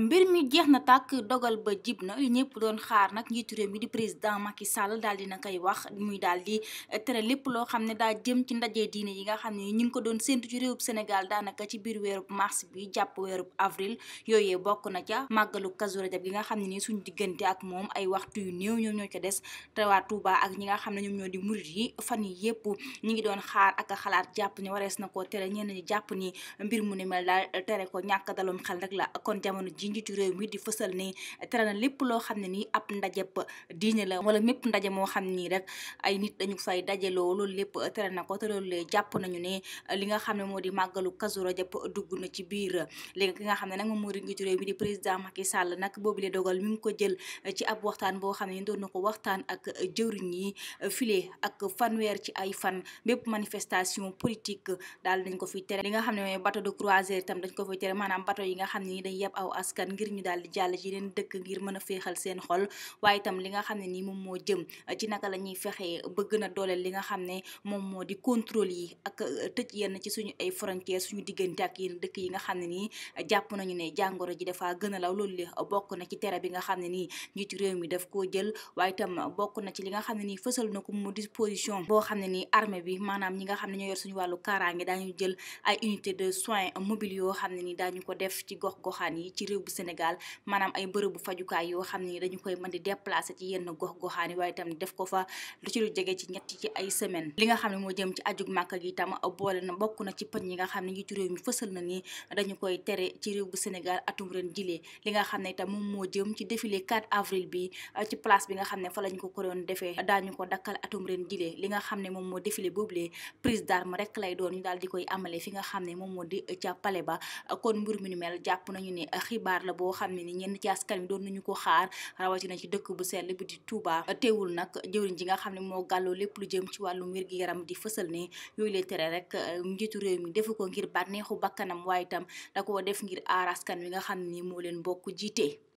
mbir mi jeex na tàkk dogal ba jib na ñëpp doon xaar nag njiitu réew mi di président Macky Sall daal di na koy wax muy daal di tere lépp loo xam ne daa jëm ci ndaje diine yi nga xam ne ñu ngi ko doon séntu ci réewub Sénégal daanaka ci biir weerub mars bi jàpp weerub avril yooyee bokk na ca màggalu Kazu Rajab nga xam ne ni suñu diggante ak moom ay waxtu yu néew ñoom ñoo ca des te waa Touba ak ñi nga xam ne ñoom ñoo di murit yi fan yi yëpp ñu ngi doon xaar ak a xalaat jàpp ne warees na koo tere ñenn ñi jàpp ni mbir mu ne ma daal tere ko ñàkk dalum xel rek la kon jamono ji njiitu réew mi di fësal ni tere na lépp loo xam ne nii ab ndajeb diine la wala mépp ndaje moo xam nii rek ay nit dañu fay daje loolu lépp tere na ko te loolu lee jàpp nañu ne li nga xam ne moo di màggalu Kazu Rajab dugg na ci biir léegi ki nga xam ne na moom moo di njiitu réew mi di président Macky Sall nag boobu mi ngi ko jël ci ab waxtaan boo xam ne doon na ko waxtaan ak jëwriñ yi file ak fanweer ci ay fan bépp manifestation politique daal dañ ko fi tere li nga xam ne mooy bateau de croisière itam dañ ko fi tere maanaam bateau yi nga xam ni dañ yeb aw as askan ngir ñu daal di jàll ci yeneen dëkk ngir mën a féexal seen xol waaye itam li nga xam ne nii moom moo jëm ci naka la ñuy fexee bëgg na dooleel li nga xam ne moom moo di contrôle yi ak euh, tëj yenn ci suñu ay frontières suñu diggante yi nga xam ne nii jàpp nañu ne jàngoro ji dafa gën a law loolu li bokk na ci tere bi nga xam ne nii njiitu réew mi daf koo jël waaye itam bokk na ci li nga xam ne nii fësal na ko mu disposition boo xam ne nii armée bi maanaam ñi nga xam ne ñoo yor suñu wàllu kaaraange daañu jël ay unité de soins mobile yoo xam ne nii bu Sénégal maanaam ay bërëbu fajukaay yoo xam ne dañu koy mën di déplacer ci yenn gox-goxaan waaye itam def ko fa lu ci lu jege ci ñetti ci ay semaine li nga xam ne moo moom moo jëm ci défilé 4 avril bi ah, ci place bi nga xam ne fa lañ ko ko doon defee daañu ko dakkal atum ren jilee li nga xam ne moom moo défilé boobule prise d'arme rek lay doon ñu daal di koy amale fi nga xam ne moom moo di ca pale ba kon mbir mi ni mel jàpp nañu ne xibaar xibaar la boo xam ne ni ñenn ci askan wi doon nañu ko xaar rawatina ci dëkk bu sell bi di Touba teewul nag jëwriñ ji nga xam ne moo gàlloo lépp lu jëm ci wàllum wér gi yaram di fësal ne yooyu lee tere rek euh, njiitu réew mi defu ko ngir banneexu bàkkanam waaye itam da koo def ngir aar askan wi nga xam ne ni moo leen bokk jiitee